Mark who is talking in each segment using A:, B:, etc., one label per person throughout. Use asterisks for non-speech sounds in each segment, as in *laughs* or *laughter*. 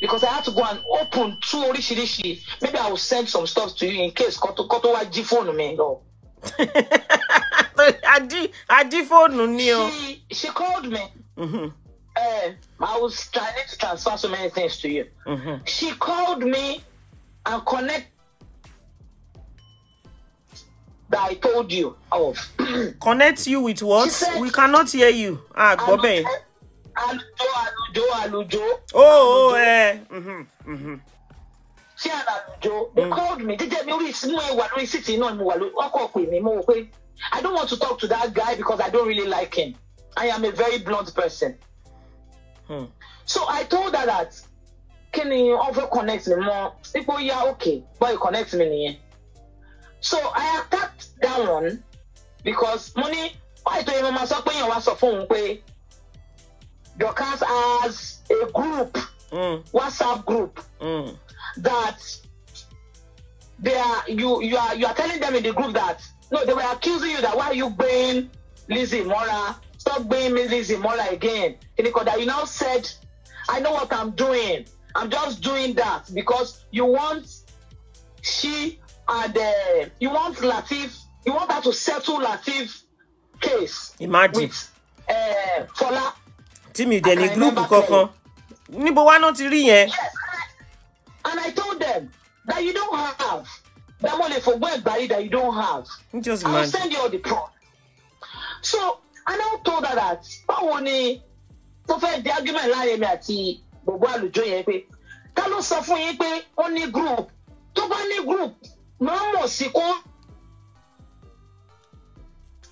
A: because I had to go and open two oríṣiríṣi maybe I will send some stuff to you in case koto kọ́tó wá jí fóònù mi lọ.
B: ají *laughs* ají fóònù ni o. she she called me. Mm-hmm. uh, I was trying to
A: transfer so many things to you. Mm-hmm. She called me and connect
B: that I told you of. connect you with what? said, we cannot hear you. Ah, Gobe. And, and, and, àlùjọ àlùjọ. Oh. ó Oh. Eh. Mm-hmm, mm-hmm. ṣé àlùjọ they called me mm. jíjẹ
A: mi orí ìsinú ẹ wà lórí síìtì náà mo wà lórí ọkọ pè mí mo wò pé I don't want to talk to that guy because I don't really like him. I am a very blunt person. Hmm. So I told her that kí ni wọ́n fẹ́ connect mi mọ́ ipò ya okay boy connect mi nìyẹn. So I attacked that one because mo ní wáyé tó yẹ mo máa sọ pé èèyàn wá sọ fún òun pé Your Dorcas as a group, mm. WhatsApp group, mm. that they are you you are you are telling them in the group that no, they were accusing you that why are you bring Lizzie Mora? Stop bringing Lizzie Mora again. Because that you now said, I know what I'm doing. I'm just doing that because you want she
B: and uh, you want Latif, you want her to settle Latif case. Imagine. With, uh, Fola tí mi dẹ̀ ní gúrúùpù kankan níbo wá náà ti rí yẹn.
A: and i told them
B: that you don't have
A: that money for fògbọ́n ẹ̀gbárí that you don't have i will send you all the prop so i now told her that báwo ni tó fẹ́ di argument láàrin mi àti gbogbo àlùjọ yẹn pé ká ló sọ fún yín pé ó ní group tó bá ní group máa ń mọ̀ sí kó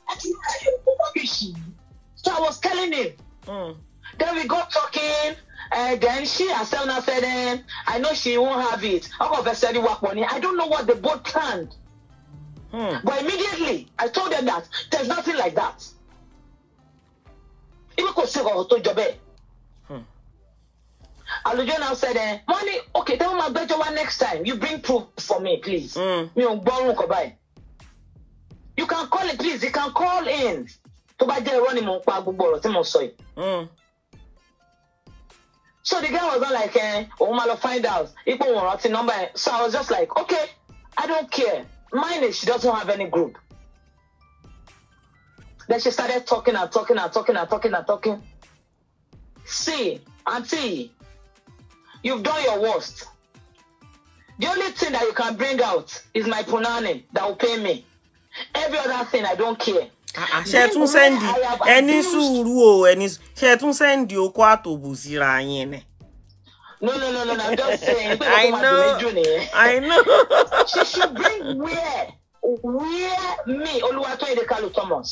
A: láti ráyè owó rubbish so i was telling him. Mm. Then we go talking. Uh, then she herself now said, um, I know she won't have it. I don't know what they both planned. Hmm. But immediately, I told them that there's nothing like that. Even Kosiko to Jobe. Alujo now said, eh, Money, okay, tell my better one next time. You bring proof for me, please. Mm. You can call it, please. You can call in. To buy the running, mo pa gbogbo ọ̀rọ̀ tí mo sọ yìí. Hmm. So the guy was not like, eh, oh, I'm gonna find out. People were writing number. So I was just like, okay, I don't care. Mine is she doesn't have any group. Then she started talking and talking and talking and talking and talking. See, Auntie, you've done your worst. The only thing that you can bring out is my punani that will pay me. Every other thing, I don't care. Ah, ah. ṣe tún sẹ́ndì ẹni sùúrù
B: o ẹni ṣe tún sẹ́ndì okó àtòbò síra yín ni.
A: No, no, no, no, no, I'm just *laughs* saying. I know. I *laughs* know. she should bring where? Where me, Oluwatoyin Kalu Thomas,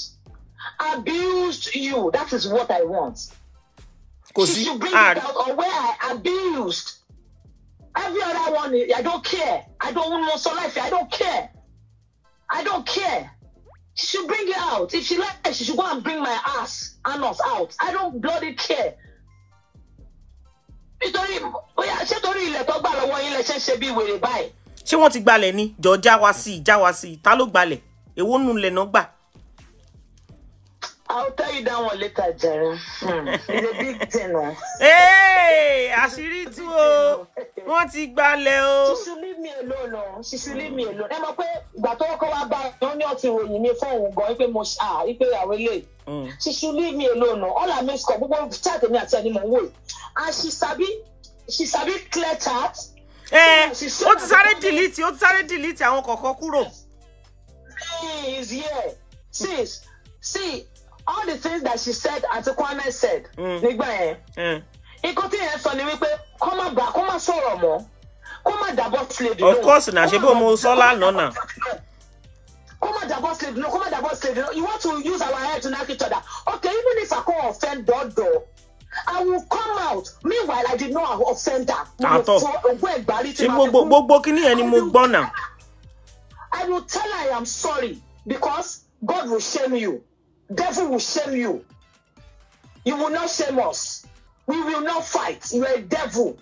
A: abused you. That is what I want. She should bring ad. it out or where I abused. Every other one, I don't care. I don't want so life. I don't care. I don't care. She should bring it out. If she likes, she should go and bring my ass anus out. I don't bloody care. Nítorí
B: bóyá ṣé torí ilẹ̀ tó gbà lọ́wọ́ yín lẹ ṣe ń ṣe bí wèrè báyìí. Ṣé wọ́n ti gbalẹ̀ ni? Jọ já wa sí i, já wa sí i. Ta ló gbalẹ̀? Èwo nù lẹ̀ náà gbà?
A: I'll tell you that one later, Jerry. Mm. It's a big thing. Oh.
B: Hey, àṣírí tú o. Wọ́n ti gbalẹ̀ She should leave me alone. No. Oh. She should leave me alone.
A: Ẹ mọ̀ pé ìgbà tó kọ́ wá bá wọn ní ọ̀tí ìròyìn mi fún òun ah, if you are ṣá She should leave me alone. No. Oh. All I miss kọ̀ gbogbo chat mi àti ẹni mò ń And she sabi she sabi clear chat. Ẹ ó ti sáré delete ó ti sáré delete àwọn kọ̀ọ̀kan kúrò. She is here. Sis, see all the things that she said àti Kwame said mm. nígbà yẹn ikú mm. tí yẹn sọ ni wípé kó má gbà kó má sọ̀rọ̀ mọ́ kó má dàbọ̀ sílẹ̀ dùnú. of course na ṣe bó mo sọ lánàá náà. kó má dàbọ̀ sílẹ̀ dùnú kó má dàbọ̀ sílẹ̀ dùnú you want to use our head to knack each other okay even if I come offend dọ́dọ̀ I will come out meanwhile I did not offend her. àtọ̀
B: ṣe gbogbo gbogbo kí ni ẹni mo gbọ́ náà.
A: I will tell her I am sorry because God will shame you. Devil will shame you. You will not shame us. We will not fight. You are a devil.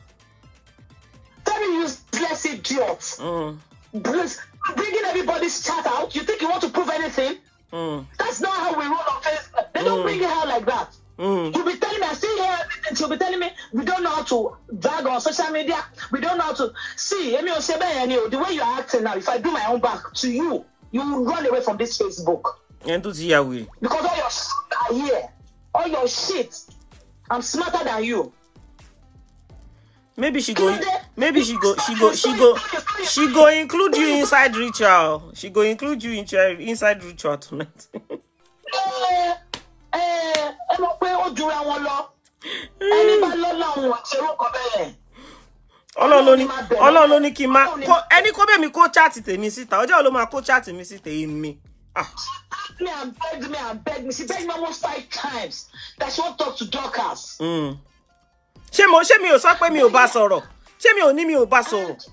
A: Tell you useless idiot. Mm. Bless, bringing everybody's chat out. You think you want to prove anything? Mm. That's not how we roll on Facebook. They mm. don't bring it out like that. Mm. You'll be telling me, I still hear everything. You'll be telling me, we don't know how to drag on social media. We don't know how to. See, Emi Osebe, the way you are acting now, if I do my own back to you, you will run away from this Facebook.
B: because all your
A: are here all your shit i'm smarter than you.
B: maybe she go maybe she go she go she go she go include you inside ritual she go include you inside ritual tonight.
A: ẹ
B: *laughs* ẹ eh, eh, ẹ mọ̀ pé *laughs* ẹni bá lọ́lọ́ mi kó chaati tèmi síta ọjọ́ ló máa kó chaati mi síta èmi me and beg me and beg me. She begged me almost five times that she won't talk to doctors. Hmm. Ṣé mo ṣé mi ò sọ pé mi ò bá sọ̀rọ̀? Ṣé mi ò ní mi ò bá sọ̀rọ̀?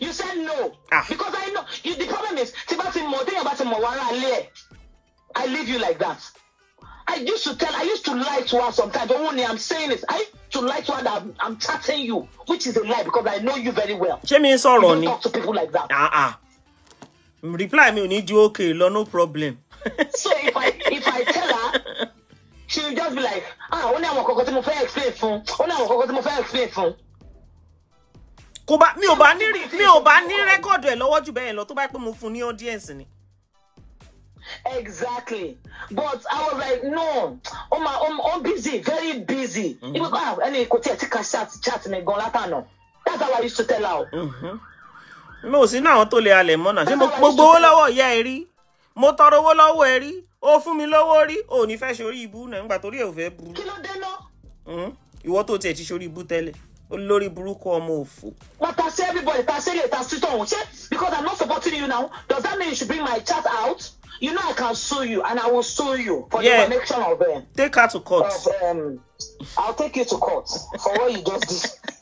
B: You said
A: no. Ah. Because I know you, the problem is tí bá ti mọ̀ téèyàn bá ti mọ̀ wàrà alẹ́ I leave you like that. I used to tell, I used to lie to her sometimes. Only I'm saying it. I used
B: to lie to her that I'm, chatting you, which is a lie because I know you very well. Ṣé mi ń sọ̀rọ̀ ni? You don't talk to people like that. Uh-uh reply me, ò ní ju okay lọ no problem. so if i if i tell her she will just be like ah ó ní àwọn kankan tí mo fẹ́ explain fún ó ní àwọn kankan tí mo fẹ́ explain fún. kò bá mi ò bá ní mi ò bá ní rẹ́kọ̀dù ẹ̀ lọ́wọ́ jù bẹ́ẹ̀ lọ tó bá pẹ́ mo fún ní audience ni. Exactly.
A: But I was like, no, oh my, I'm, I'm busy, very busy. Mm-hmm. Even ah,
B: any chat chat chat me go That's how I used to tell her. Mm-hmm mi ò sínú àwọn tó lè halẹ̀ mọ́ náà ṣé mo gbowó lọ́wọ́ ìyá ẹ rí mo tọrọ owó lọ́wọ́ ẹ rí ó fún mi lówó rí ò ní fẹ́ ṣorí ibú náà nígbà torí ẹ ò fẹ́ burú. kí ló dé lọ. Hmm? ìwọ tó tiẹ̀ ti ṣorí ibú tẹ́lẹ̀ olórí burúkú ọmọ òfò. but I say everybody ta say ta sweet on
A: ṣe because I'm not supporting you now does that mean you should bring my chat out you know I can sue you and I will sue you for yeah. the connection of them. Um, take her to court. Of, um, I'll take you to court for what you just did.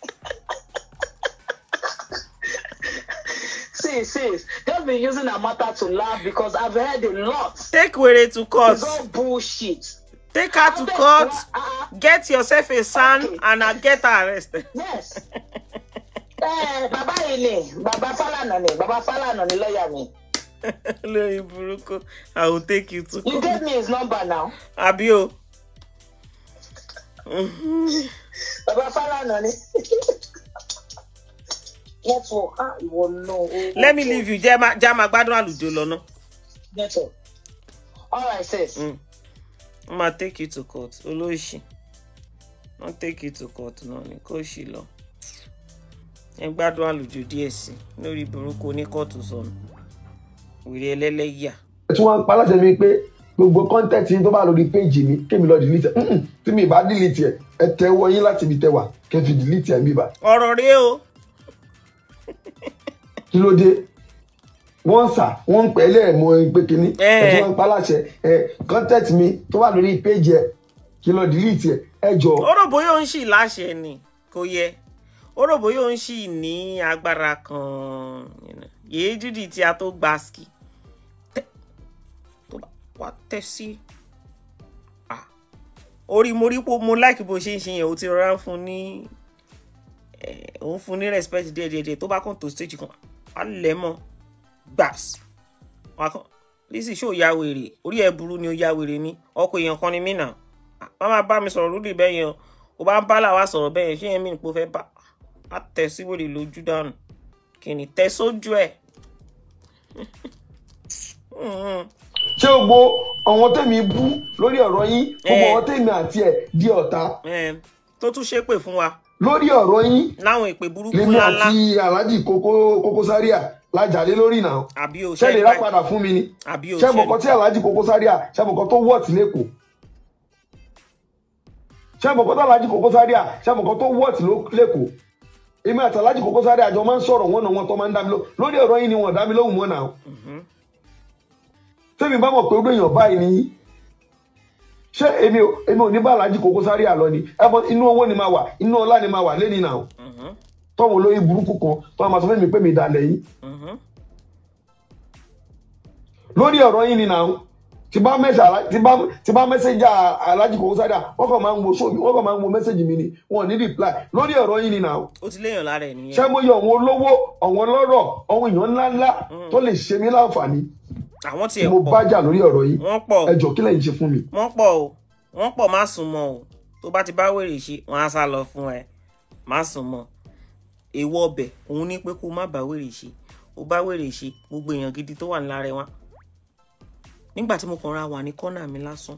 A: she says. Just be using her matter to laugh because I've heard a lot. Take Were to
B: court. It's all bullshit. Take her to court, uh, uh, get yourself a son, okay. and I'll get her arrested. Yes. Eh, bàbá ni, bàbá ni, bàbá ni lọ́ọ̀yà mi. *laughs* Lórí burúkú, I will take you to You gave me his number now. Abio. o.
A: Bàbá Fálànà ni. *laughs* Therefore, ah, ìwọ
B: náà. Let me leave you. Jẹ́ máa jẹ́ máa gbádùn àlùjọ lọ́nà. Therefore, all right sis. Mm. I'm gonna take you to court. Olóṣì. Wọ́n take you to court náà ni kò ṣì lọ. Ẹ gbádùn àlùjọ díẹ̀ sí i lórí burúkú oníkọ́ọ̀tù sọnù. Wèrè ẹlẹ́lẹ́yà.
C: Tí wọ́n ń pa láti ẹni pé gbogbo kọ́ńtẹ́ẹ̀tì yín tó bá lórí péjì mi kémi lọ dìlítì ẹ̀ tí mi bá dìlítì ẹ̀ ẹ tẹ́wọ́ yín láti ibi tẹ́wà kẹ́ fi dìlítì ẹ̀ mi bá. Ọ̀rọ̀ rèé o kí ló dé wọ́n ń sà wọ́n ń pẹ́ lẹ́ẹ̀mọ pé kínní ẹ̀jẹ̀ ń paláṣẹ ẹ̀ contact mi tó wà lórí péjì ẹ̀ kí lọ delete ẹ̀ ẹ̀ jọ. ó
B: rò bóyá ó ń ṣì láṣẹ ni kò yẹ ó rò bóyá ó ń ṣì ní agbára kan yéé júdì tí a tó gba ski tó bá wá tẹ sí orí mo rí pé mo láìkí bó ṣe ń ṣe yẹn o ti rọra ń fún ní òun fún ní respect díẹ̀díẹ̀ tó bá kàn tó stage kan á lẹ̀ mọ́ gbàs wà kàn ṣó ya wèrè orí ẹ̀ burú ni ó ya wèrè ni ọkọ èèyàn kan ni mí nà má má bá mi sọ̀rọ̀ lórí bẹ́ẹ̀ o bá ń bá làwa sọ̀rọ̀ bẹ́ẹ̀ yẹn ṣé yẹn mí ni pé o fẹ́ bá a tẹ̀ sí wèrè lójú dànù kì ní tẹ sójú ẹ̀. *laughs*
C: ṣé o gbọ́ àwọn tèmi bú lórí ọ̀rọ̀ yín gbogbo àwọn eh. tèmi àti ẹ̀ di ọ̀tá. Eh, tó tún ṣépè fún wa lórí ọ̀rọ̀ yín láwọn ìpè burúkú ńlá ńlá lèmi àti alhaji koko koko zaria lajalè lórí náà ṣẹlẹ̀ lápadà fún mi ni ṣẹmọkọ tí alhaji koko zaria ṣẹmọkọ tó wọ́ọ̀tì lẹ́kọ̀ọ́ ṣẹmọkọ tí alhaji koko zaria ṣẹmọkọ tó wọ́ọ̀tì lẹ́kọ̀ọ́ èmi àti alhaji koko zaria àjọ máa ń sọ̀rọ̀ wọn náà wọn tó máa ń dá mi lóhùn lórí ọ̀rọ̀ yín ni wọn dá mi lóhùn wọn náà tẹ́mi bá mọ̀ pé ó gbẹ̀yàn báyìí ni ṣé èmi ò èmi ò ní bá aláàjì Koko Zaria lọ ni ẹbọ inú owó ni máa wà inú ọlá ni máa wà lẹ́ni náà mm-hmm. tọ́wọ́n olóyè burúkú kan tọ́wọ́n máa sọ fún mi pé mi dalẹ̀ yìí mm-hmm. lórí ọ̀rọ̀ yìí ni náà tí bá mẹ́sẹ̀jà aláàjì Koko Zaria wọ́n kàn máa ń wo show wọ́n kàn máa ń wo mẹ́sẹ̀jì mi ni wọ́n ní reply lórí ọ̀rọ̀ yìí ni náà.
B: ó ti léèyàn lára ẹ̀ nìyẹn. ṣé
C: mo yọ àwọn olówó àwọn ọlọ́rọ̀ àwọn èèyàn ńláńlá mm. tó lè ṣe mí láǹfààní àwọn tiẹ̀ pọ̀ mo bájà lórí ọ̀rọ̀ yìí wọ́n pọ̀ ẹ jọ̀ọ́ kí lẹ́yìn ṣe fún mi.
B: wọ́n pọ̀ o wọ́n pọ̀ má sùn mọ́ o tó bá ti bá wèrè ṣe wọ́n á sá lọ fún ẹ má sùn mọ́ èèwọ̀ ọbẹ̀ òun ní pé kó má bá wèrè ṣe ó bá wèrè ṣe gbogbo èèyàn gidi tó wà nílára wọn nígbà tí mo kàn ra wà ní kọ́nà mi lásán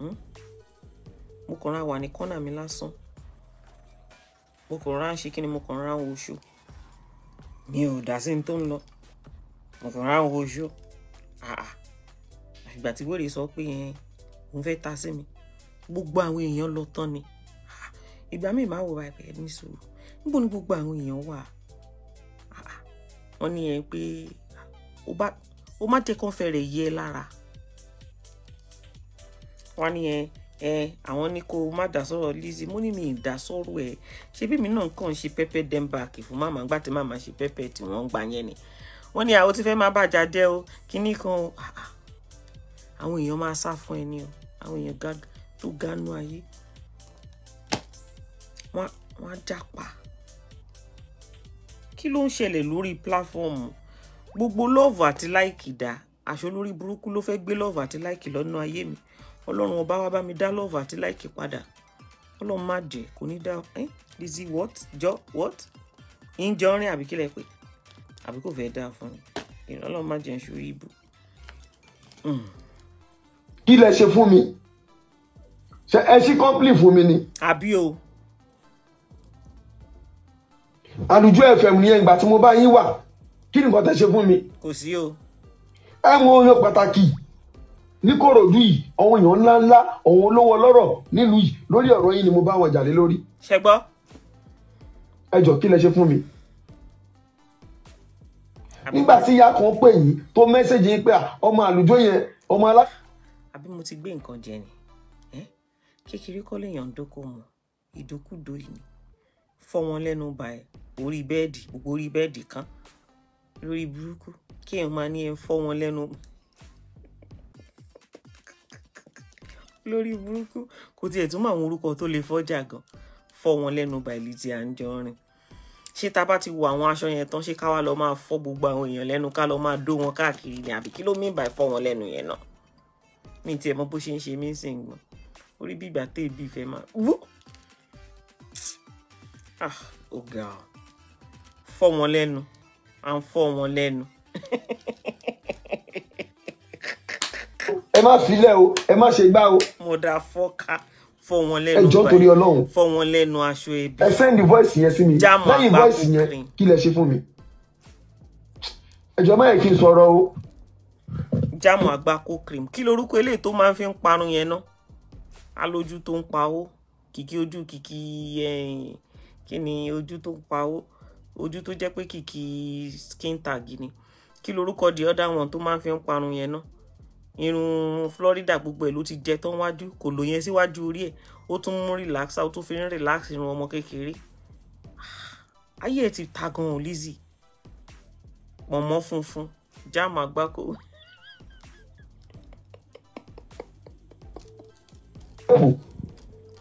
B: hmm? mo kàn ra wà ní kọ́nà mi lásán mo kàn ra ń ṣe kí ni mo kàn ra ń woṣù mi ò dá sí ní tó ń lọ ọ̀rọ̀ á ń wojú ìgbà tí wèrè sọ pé òun fẹ́ ta sí mi gbogbo àwọn èèyàn lọ tán ni ìgbà míì máa wò báyìí pé ní sùúrù níbo ni gbogbo àwọn èèyàn wà wọ́n ní ẹ pé ó má jẹ́ kán fẹ́rẹ̀ yẹ lára wọ́n ní ẹ ẹ àwọn ní kó má dá sọ̀rọ̀ Lizzy mo ní mi ì dá sọ̀rọ̀ ẹ̀ ṣé bí mi náà kàn ń ṣe pẹ́pẹ́ dẹ́mbàkì fún màmá ńgbà tí màmá ṣe pẹ́pẹ́ tí wọ́n ń gbà yẹn ni wọ́n ní àwọn ah, ti fẹ́ máa bàjá dẹ́ o kínní kan o ah, ah. àwọn èèyàn máa sá fún ẹni o àwọn èèyàn tó gánú ayé wọ́n á jápa kí ló ń ṣẹlẹ̀ lórí pláfọ́ọ̀mù gbogbo lọ́ọ̀vù àti láìkì dá àṣọ lórí burúkú ló fẹ́ gbé lọ́ọ̀vù àti láìkì lọ́nà ayé mi ọlọ́run ọba wa bá mi dá lọ́ọ̀vù àti láìkì padà ọlọ́run má jẹ́ kò ní dá ẹ́ eh, Lizzy what jọ what ń jọ rìn àbí kílẹ̀ pé àbí kò fẹ́ dáa fún mi ìrànlọ́wọ́ má jẹun ṣòro ìbò.
C: Hmm. kí lẹ ṣe fún mi ṣe ẹ ṣí kọ́ńpìlì fún mi ni. àbí o. àlùjọ fm nìyẹn ìgbà tí mo bá yín wà kí ni nǹkan tẹ ṣe fún mi. kò sí o. ẹ wo oyan pàtàkì ní kòròdú yìí àwọn èèyàn ńláńlá àwọn olówó ọlọ́rọ̀ nílùú yìí lórí ọ̀rọ̀ yìí ni mo bá wọn jà lé lórí. ṣẹgbọ́. ẹ jọ kí lẹ ṣe fún mi nígbà tí ìyá kan pè yìí tó mẹ́sẹ̀jì yìí pé ah, ọmọ àlùjọ yẹn ọmọ alá.
B: àbí mo ti gbé nǹkan jẹ ni kékeré kọ́ lèèyàn ń dóko mọ̀ ìdókùdó yìí fọ́ wọn lẹ́nu ba ẹ̀ orí bẹ́ẹ̀dì gbogbo orí bẹ́ẹ̀dì kan lórí burúkú kí ẹ̀ máa ní ẹ̀ fọ́ wọn lẹ́nu lórí burúkú kò tiẹ̀ tún mọ àwọn orúkọ tó lè fọ́jà gan fọ́ wọn lẹ́nu ba ìlú ti à ń jọ rìn ṣé ta bá ti wo àwọn aṣọ yẹn tán ṣé ká wá lọ máa fọ́ gbogbo àwọn èèyàn lẹ́nu ká lọ máa dó wọn káàkiri ni àbí kí ló mean by fọ́ wọn lẹ́nu yẹn náà mi tiẹ̀ mọ̀ bó ṣe ń ṣe mí sìn gbọ̀n orí bí ìgbà tẹ́ ìbí ìfẹ́ máa wú ah, ó ga ọ wọn lẹ́nu à ń fọ́ wọn lẹ́nu. ẹ má filẹ̀ o
C: ẹ má ṣe gbá o.
B: mo dá fọ́ ká fọ́ wọn lẹ́nu báyìí torí ọlọ́run fọ́ wọn lẹ́nu aṣọ ebi ẹ send voice
C: yẹn sí mi lẹ́yìn voice yẹn kí lẹ ṣe fún mi ẹjọ́ máyẹ̀ kí n sọ̀rọ̀ o.
B: jámù àgbákò cream kí lorúkọ eléyìí tó máa ń fi ń parun yẹn ná alójú tó ń pawó kìkì ojú kìkì eh, kí ni ojú tó ń pawó ojú tó jẹ́ pé kìkì skin tag ni kí lorúkọ the other one tó máa ń fi ń parun yẹn náà irun Florida gbogbo ẹ̀ ló ti jẹ tán wájú kò lò yẹn síwájú orí ẹ̀ ó tún mú relaxer ó tún fi ń relax irun ọmọ kékeré ayé ẹ̀ ti ta gan-an Lizzy
C: mọ̀mọ́ funfun
B: jáàmù àgbákò.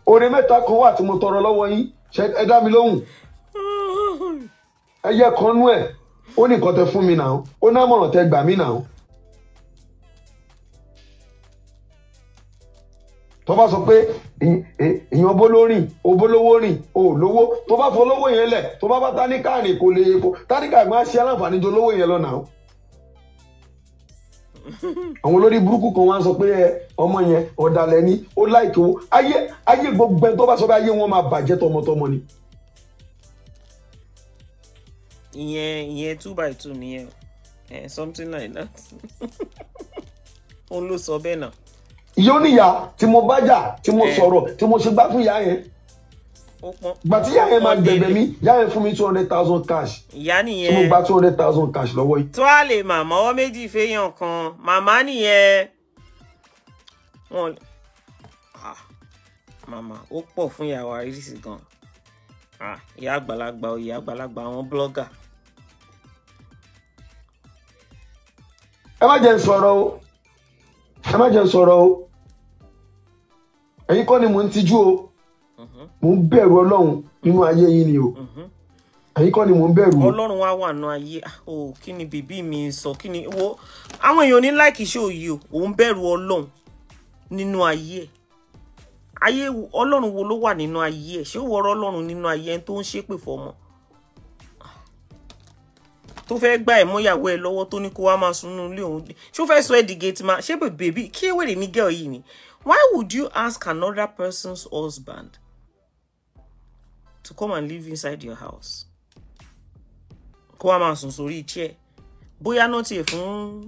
C: orin mẹ́ta kan wà tí mo tọrọ lọ́wọ́ yín ẹ dá mi lóhùn ẹ yẹ kan nú ẹ̀ ó ní nǹkan tẹ fún mi náà ó náà mọ̀ràn tẹ gbà mí náà tó bá sọ pé èèyàn bólórìn obólówó rìn olówó tó bá fọlówó yẹn lẹ̀ tó bá bá táníkà rìn kò lè kó táníkà gbọ́n á ṣe aláǹfààní ju olówó yẹn lọ́nà o *laughs* àwọn olórí burúkú kan wá sọ pé ọmọ yẹn ọ̀dàlẹ̀ ni ó láìkè owó ayé ayé gbogbo ẹni tó bá sọ pé ayé wọn máa bàjẹ́ tọmọtọmọ ni.
B: ìyẹn ìyẹn two by two nìyẹn something like that *laughs* òun ló sọ bẹ́ẹ̀
C: náà yóò níyà tí mo bá jà tí mo eh. sọ̀rọ̀ tí mo ṣe gbá fún ìyá yẹn gbà tí ìyá yẹn máa gbẹ̀bẹ̀ mi ìyá yẹn fún mi two hundred thousand cash
B: ìyá nìyẹn tí mo gba
C: two hundred thousand cash lọ́wọ́ yìí.
B: tó a lè màmá ọwọ́ méjì fẹ́yàn kan màmá nìyẹn wọn ah, màmá ó pọ̀ fún ìyàwó àríṣì gan ah, ìyá àgbàlagbà ìyá àgbàlagbà àwọn blọ́gà.
C: ẹ má jẹ́ n sọ̀rọ̀ o ẹ má jẹ́ n sọ̀rọ̀ o ẹ̀yin kọ́ ni mò ń tijú o mhm. mò ń bẹ̀rù ọlọ́run nínú ayé yín ni o mhm. ẹ̀yin kọ́ ni mò ń bẹ̀rù. ọlọ́run
B: wá wà nù ayé ah, o kí ni bèbí mi sọ kí ni wo àwọn èèyàn ní láìkì ṣe òye o òun bẹ̀rù ọlọ́run nínú ayé ẹ̀ ayé ọlọ́run wo ló wà nínú ayé ẹ̀ ṣé ó wọ ọlọ́run nínú ayé ẹni tó ń ṣépè fọmọ tó fẹ́ gbà ẹ̀ mọ́yàwó ẹ̀ lọ́wọ́ tó ní kó wá máa sunú ilé òun ṣó fẹ́ sọ ẹ́ di gate man ṣé bèbí kí ewèrè ní gẹ́ọ̀ yìí ni why would you ask another person's husband to come and live inside your house kó wá máa sùn sórí iṣẹ́ bóyá náà tiẹ̀ fún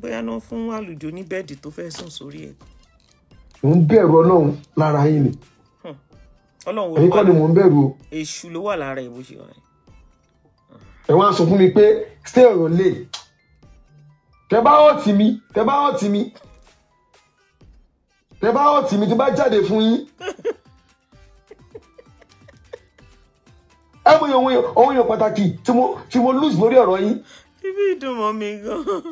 B: bóyá náà fún àlùjọ ní bẹ́ẹ̀dì tó fẹ́ sùn sórí ẹ̀.
C: mo ń bẹ̀rù ọlọ́run lára yín ni
B: èyí hmm. kọ́ ni mo ń bẹ̀rù o. èṣù ló wà lára ẹ̀ bó ṣe wà yẹn
C: ẹ wá sọ fún mi pé stay on lane tẹ bá hàn tì mí tẹ bá hàn tì mí tẹ bá hàn tì mí tí bá jáde fún yín ẹ mọ ohun ohun yẹn pàtàkì tí mo tí mo lose lórí ọ̀rọ̀ yín. ibi ìdùnmọ̀
B: mi gan-an.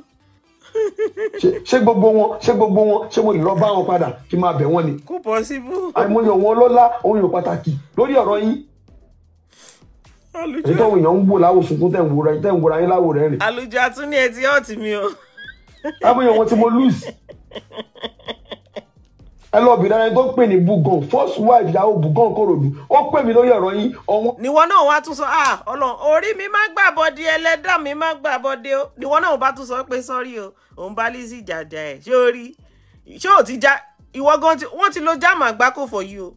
C: ṣé gbogbo wọn ṣé gbogbo wọn ṣé mo lè lọ bá wọn padà kí n máa bẹ̀ wọ́n ni.
B: kò pọ̀ síbú. àìmọye
C: òun ọlọ́lá ohun yẹn pàtàkì lórí ọ̀rọ̀ yín àti táwọn èèyàn ń wò láwò sunkún tẹ̀ ń wòra tẹ̀ ń wòra yín láwò rẹ̀ rìn.
B: àlùjọ atún ní ẹtí ọ̀tí mi o. láwọn wọn tí mo lose.
C: ẹ lọ bìnrin ẹni tó pè ní bugan first wife ìyàwó bugan kòròdú ó pè mí lórí ọ̀rọ̀ yín ọ̀wọ́n. náà wàá tún sọ ah ọlọ́run orí mi má gbà
B: bọ́dé ẹlẹ́dà mi má gbà bọ́dé o níwọ náà bá tún sọ pé sọ́rí o òun bá Lizzy jàjà ẹ̀ ṣé o ṣé o já ìwọ gan wọ́n ti lo jáàmù àgbákò for you o.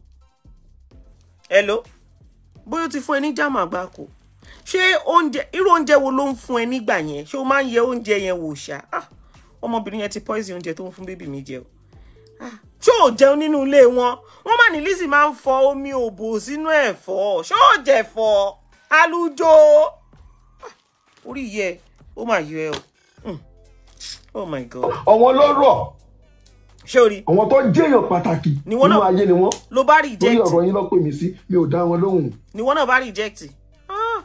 B: hello bóyá ó ti fún ẹ ní jàmà àgbákò ṣé oúnjẹ irú oúnjẹ wo ló ń fún ẹ nígbà yẹn ṣé o máa ń yẹ oúnjẹ yẹn wò ṣá ah, ọmọbìnrin yẹn ti poison oúnjẹ tó ń fún bébì mi jẹ o ah, ṣé ò jẹun nínú ilé wọn wọn mà ní Lizzy máa ń fọ omi òbò sínú ẹ̀fọ́ ṣé ò jẹ̀fọ́ alújó ah, orí yẹ ó mà yọ ẹ o hmm. oh my god.
C: ọ̀wọ́n ló rọ̀ sórí. àwọn tó jẹyàn pàtàkì nínú ayé ni wọn. ló bá reject lórí ọ̀rọ̀ yín lọ pè mí sí mi ò dá wọn lóhùn. ni wọn náà bá reject. Ah.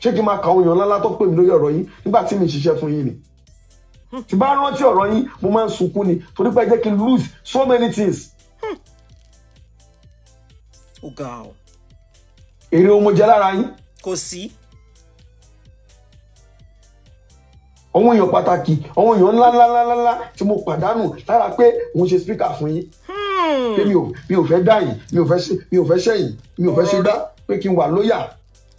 C: ṣé kí n máa kà àwọn èèyàn ńláńlá tó pè mí lórí ọ̀rọ̀ yín nígbà tí mi ṣiṣẹ́ fún yín ni. Hmm. tí bá rántí ọ̀rọ̀ yín mo máa ń sunkún ni torí pé ẹ jẹ́ kí n lose so many things. Hmm. ó ga ọ. èrè omo jẹ lára yín. kò sí. àwọn èèyàn pàtàkì àwọn èèyàn ńláńláńláńlá tí mo pàdánù lára pé mo ṣe spíkà fún yín hmm. pé mi ò mi ò fẹ́ dáyìn mi ò fẹ́ mi ò fẹ́ ṣẹ̀yìn mi ò fẹ́ ṣe dá pé kí n wà lóyà.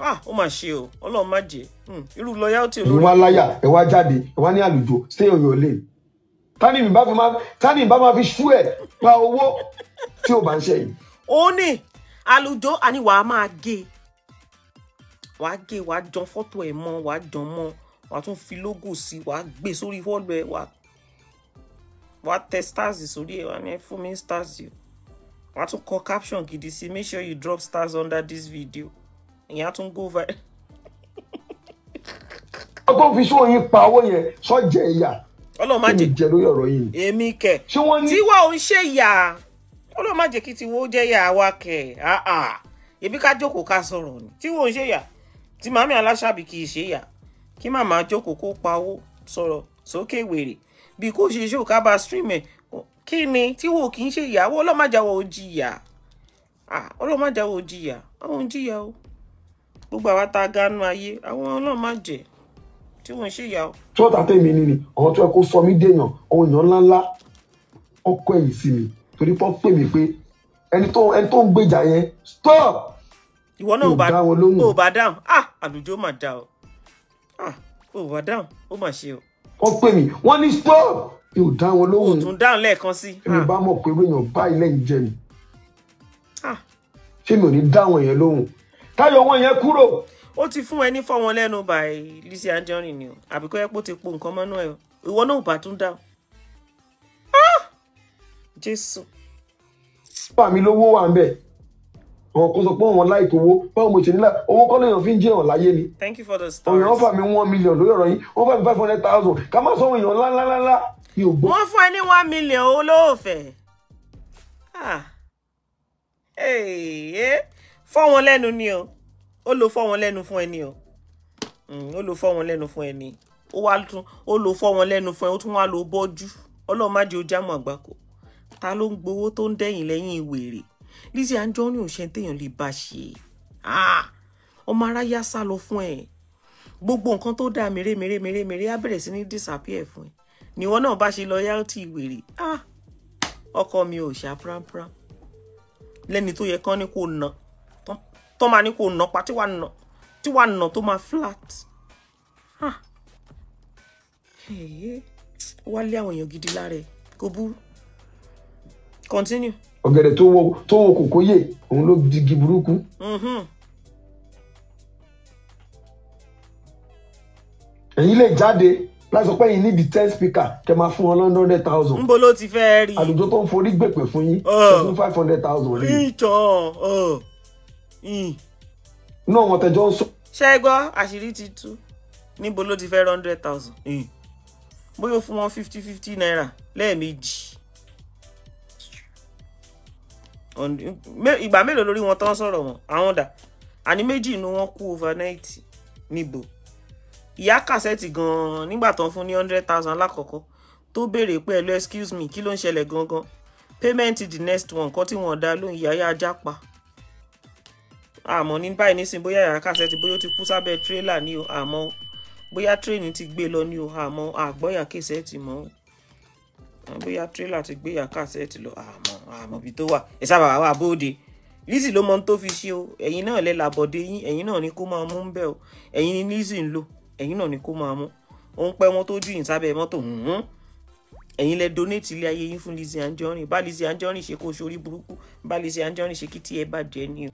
B: ah ó mà ṣe o ọlọ́run má jẹ́ hmm, irú lọ́yàtì olórí. ìwà láyà
C: ẹ wá jáde ẹ wá ní àlùjọ séèyàn yóò lè tani mi bá fi máa tani mi bá máa fi ṣú ẹ pa owó tí o bá ń ṣẹ̀yìn.
B: ó ní àlùjọ àní wàá máa gé wàá gé wàá jọ fọ́tò ẹ̀ mọ́ wàá jọ mọ́ wàá tún fi logo sí wàá gbé sórí wọ́ọ̀lù ẹ̀ wàá tẹ stars sórí ẹ̀ wàá ní fún mi stars yìí wàá tún kọ caption gidi sí make sure you drop stars under this video ìyẹn á tún go viral.
C: ọkọ fi ṣó yín pa owó yẹn sọjẹ ìyà Ọlọ́run má jẹ́ kí n jẹ lórí ọ̀rọ̀ yìí.
B: èmi kẹ tiwa ò ń ṣe ìyà Ọlọ́run má jẹ́ kí tiwo jẹ́ ìyà wa kẹ ebi ká jókòó ká sọ̀rọ̀ ni tiwo ò ń ṣe ìyà tí màmí aláṣàbí kì í ṣe ìyà kí màmá jókòó kó pa owó sọ̀rọ̀ sókè wèrè bí kò ṣe ṣó ká bá stream ẹ̀ kí ni tí wò kí n ṣe ìyàwó ọlọ́màjáwọ̀ ò jìyà ọlọ́màjáwọ̀ ò jìyà àwọn jìyà o gbogbo àwa ta ganu ayé àwọn ọlọ́màjẹ̀ tí wọ́n ṣe ìyàwó.
C: tí wọ́n ta tèmi ni ni àwọn tí wọ́n kó sọ mí dèèyàn àwọn èèyàn ńláńlá ọkọ ẹ̀yìn sí mi torí pọ́n pè mí pé ẹni tó ẹni tó ń gbèjà yẹn stop. ìwọ náà ò bá dáhùn
B: ah àlùjọ mà dá o ah o wà dáhùn ó mà ṣe o.
C: wọ́n pè mí wọ́n ní stop mi ò dá wọn lóhùn. o tún dáhùn lẹ́ẹ̀kan sí. èmi bá mọ̀ pé èèyàn bá ilé ń jẹ mi. Ah. ṣé mi ò ní dá wọn yẹn lóhùn táyọ̀ wọn yẹn kúrò. ó ti fún ẹ ní fọwọn lẹ́nu by
B: Lizzy Anjorin ni o àbíkọ ẹ pé ó ti po nǹkan mọ́nú ẹ ìwọ náà ò bá tún dá
C: ah! jésù. bá mi lówó wà ń bẹ̀ àwọn kan sọ pé àwọn láìkè owó báwo mo ṣe nílá owó kọ́ lèèyàn fi ń jẹ́ ọ̀n láyé ni. thank you for the story. òyìnbó fà mí one million lórí ọ̀rọ̀ yín wọ́n fà five hundred thousand ká má sọ àwọn èèyàn ńláńláńlá mi ò gbọ́. wọ́n
B: fún ẹ ní one million owó lóòfẹ̀ ah. eh. fọ́ wọn lẹ́nu ni o ó lo fọ́ wọn lẹ́nu fún ẹni o hmm, ó lo fọ́ wọn lẹ́nu fún ẹni ó wá tún ó lo fọ́ wọn lẹ́nu fún ẹ ó tún wá lo bọ́jú ọlọ́run jẹ́ ó jámọ́ àgbákò ta ló ń gbowó tó ń dẹ̀yìn lẹ́yìn wèrè Lizzy Anjorin ò ṣe téèyàn lè bá ṣe ah, ọmọ aráyá sá lọ fún ẹ gbogbo nǹkan tó dáa mèrè mèrè mèrè mèrè á bẹ̀rẹ̀ sí ní disappear fún ẹ níwọ náà bá ṣe loyalty wèrè ah, ọkọ mi ò ṣá pranpran lẹ́ni tó yẹ kán ní kò nà tó máa ní kò nà pa tí wàá nà tí wàá nà tó máa flat ah. wálé àwọn èèyàn gidi lára ẹ kò burú continue
C: ọ̀gẹ̀dẹ̀ tó wọ kòkó yè òun ló digi burúkú.
B: èyí mm-hmm.
C: lè jáde láti sọ pé yìí nídìí ten speaker kẹ máa fún wọn lọ́nà hundred thousand. nbo ló ti fẹ́ rí. àlùjọ tó ń forí gbèpè fún yín oh. fún five hundred thousand rí. ìjọ oh. náà wọn tẹjọ ń sọ. ṣé gbọ́ àṣírí ti tú
B: níbo ló ti fẹ́ hundred thousand bóyá ó fún wọn fifty fifty naira lẹ́ẹ̀mejì. ìgbà mélòó lórí wọn tán sọ̀rọ̀ wọn àwọn dà àní méjì inú wọn kú overnight níbo ìyá kàṣẹ́tì gan-an nígbà tán fún ní hundred thousand lákọ̀ọ́kọ́ tó béèrè pé ẹ̀lú excuse me kí ló ń ṣẹlẹ̀ gangan payment the next one kọ́ tí wọ́n dá lóhùn ìyá yá ajá pa àmọ́ ní báyìí nísìnyí bóyá ìyá kàṣẹ́tì bóyá ó ti kú sábẹ́ tírélà ni o àmọ́ bóyá tírèènì ti gbé lọ ni o àmọ́ àgbọ́yà kàṣẹ́tì mọ́ bóyá tírélà ti gbé ìyá kàṣẹ́tì lọ àmọ́ àmọ̀bí ah, tó wà ẹ sábà wà bóde Lizzy ló mọ ohun tó fi ṣe o ẹ̀yin náà lẹ́ làbọ̀dé yín ẹ̀yin náà ni kó máa mú ń bẹ̀ o ẹ̀yin ni Lizzy ń lò ẹ̀yin náà ni kó máa mú ó ń pẹ́ wọn tó jù yín sábẹ́ mọ́tò ẹ̀yin lẹ donate ilé ayé yín fún Lizzy Anjorin bá Lizzy Anjorin ṣe kó ṣorí burúkú bá Lizzy Anjorin ṣe kí tí ẹ bàjẹ́ ni o.